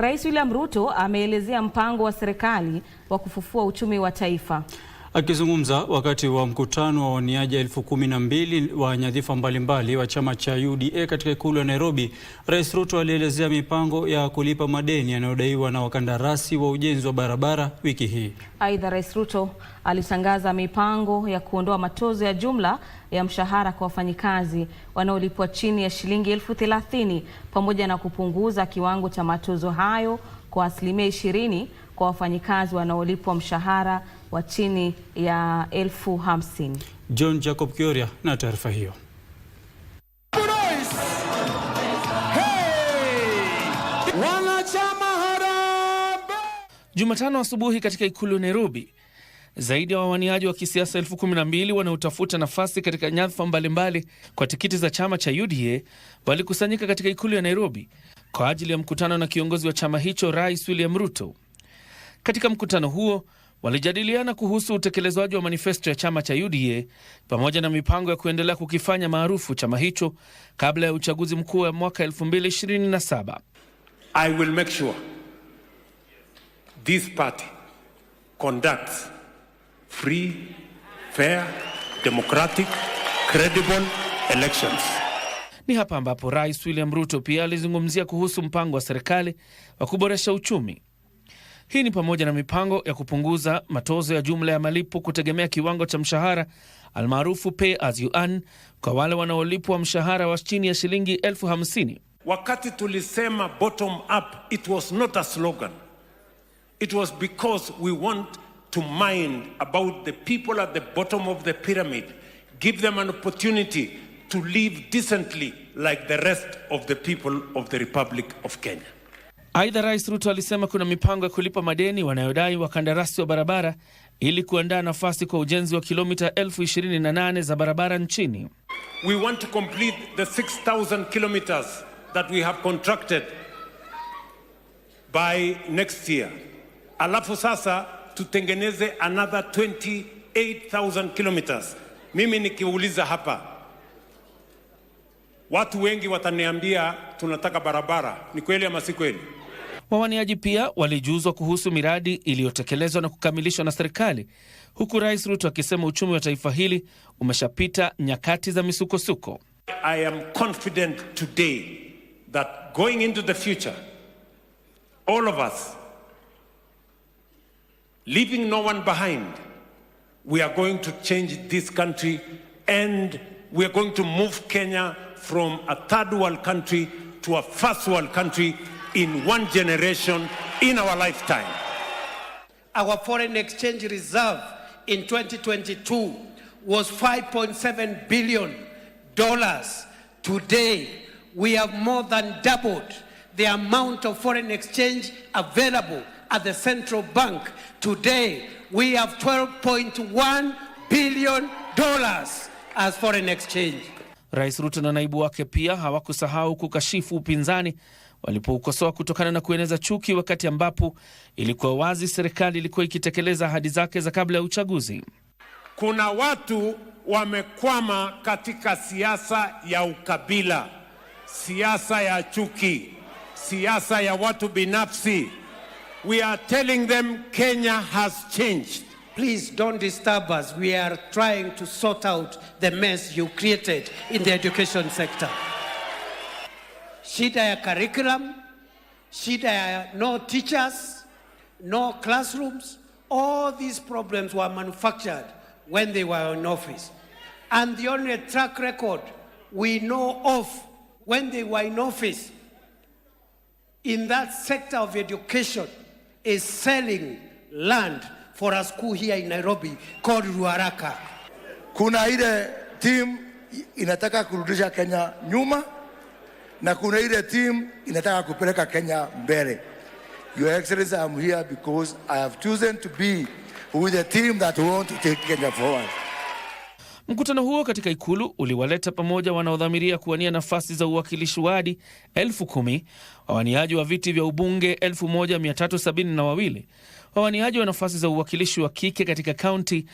Rais William Ruto ameelezea mpango wa serikali wa kufufua uchumi wa taifa. Akizungumza wakati wa mkutano wa waniaji elfu kumi na mbili wa nyadhifa mbalimbali wa chama cha UDA katika ikulu ya Nairobi, Rais Ruto alielezea mipango ya kulipa madeni yanayodaiwa na wakandarasi wa ujenzi wa barabara wiki hii. Aidha, Rais Ruto alitangaza mipango ya kuondoa matozo ya jumla ya mshahara kwa wafanyikazi wanaolipwa chini ya shilingi elfu thelathini pamoja na kupunguza kiwango cha matozo hayo kwa asilimia ishirini kwa wafanyikazi wanaolipwa mshahara wa chini ya elfu hamsini. John Jacob Kioria na taarifa hiyo. Jumatano asubuhi katika ikulu Nairobi, zaidi ya wawaniaji wa kisiasa elfu kumi na mbili wanaotafuta nafasi katika nyadhifa mbalimbali kwa tikiti za chama cha UDA walikusanyika katika ikulu ya Nairobi kwa ajili ya mkutano na kiongozi wa chama hicho Rais William Ruto. Katika mkutano huo walijadiliana kuhusu utekelezwaji wa manifesto ya chama cha UDA pamoja na mipango ya kuendelea kukifanya maarufu chama hicho kabla ya uchaguzi mkuu wa mwaka 2027. I will make sure this party conducts free, fair, democratic, credible elections. Ni hapa ambapo Rais William Ruto pia alizungumzia kuhusu mpango wa serikali wa kuboresha uchumi hii ni pamoja na mipango ya kupunguza matozo ya jumla ya malipo kutegemea kiwango cha mshahara almaarufu pay as you earn kwa wale wanaolipwa mshahara wa chini ya shilingi elfu hamsini. Wakati tulisema bottom up, it was not a slogan. It was because we want to mind about the people at the bottom of the pyramid, give them an opportunity to live decently like the rest of the people of the Republic of Kenya. Aidha, Rais Ruto alisema kuna mipango ya kulipa madeni wanayodai wakandarasi wa barabara ili kuandaa nafasi kwa ujenzi wa kilomita elfu 28 za barabara nchini. We want to complete the 6000 kilometers that we have contracted by next year. Alafu sasa tutengeneze another 28000 kilometers. Mimi nikiuliza hapa, watu wengi wataniambia tunataka barabara. Ni kweli ama si kweli? Wawaniaji pia walijuzwa kuhusu miradi iliyotekelezwa na kukamilishwa na serikali, huku Rais Ruto akisema uchumi wa taifa hili umeshapita nyakati za misukosuko. I am confident today that going into the future all of us leaving no one behind we are going to change this country and we are going to move Kenya from a third world country to a first world country in one generation in our lifetime. Our foreign exchange reserve in 2022 was 5.7 billion dollars. Today, we have more than doubled the amount of foreign exchange available at the central bank. Today, we have 12.1 billion dollars as foreign exchange. Rais Ruto na naibu wake pia hawakusahau kukashifu upinzani walipoukosoa kutokana na kueneza chuki, wakati ambapo ilikuwa wazi serikali ilikuwa ikitekeleza ahadi zake za kabla ya uchaguzi. Kuna watu wamekwama katika siasa ya ukabila, siasa ya chuki, siasa ya watu binafsi. We are telling them Kenya has changed. Please don't disturb us. We are trying to sort out the mess you created in the education sector shida ya curriculum, shida ya no teachers, no classrooms. All these problems were manufactured when they were in office. And the only track record we know of when they were in office in that sector of education is selling land for a school here in Nairobi called Ruaraka. Kuna ile team inataka kurudisha Kenya nyuma na kuna ile timu inataka kupeleka Kenya mbele. Your Excellency, I'm here because I have chosen to be with a team that want to take Kenya forward. Mkutano huo katika ikulu uliwaleta pamoja wanaodhamiria kuwania nafasi za uwakilishi wadi elfu kumi, wawaniaji wa viti vya ubunge 1372 wawaniaji wa nafasi za uwakilishi wa kike katika kaunti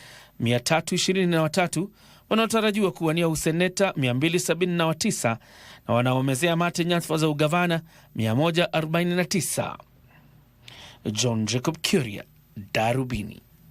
323 wanaotarajiwa kuwania useneta 279 na wanaomezea mate nyadhifa za ugavana 149. John Jacob Kuria, Darubini.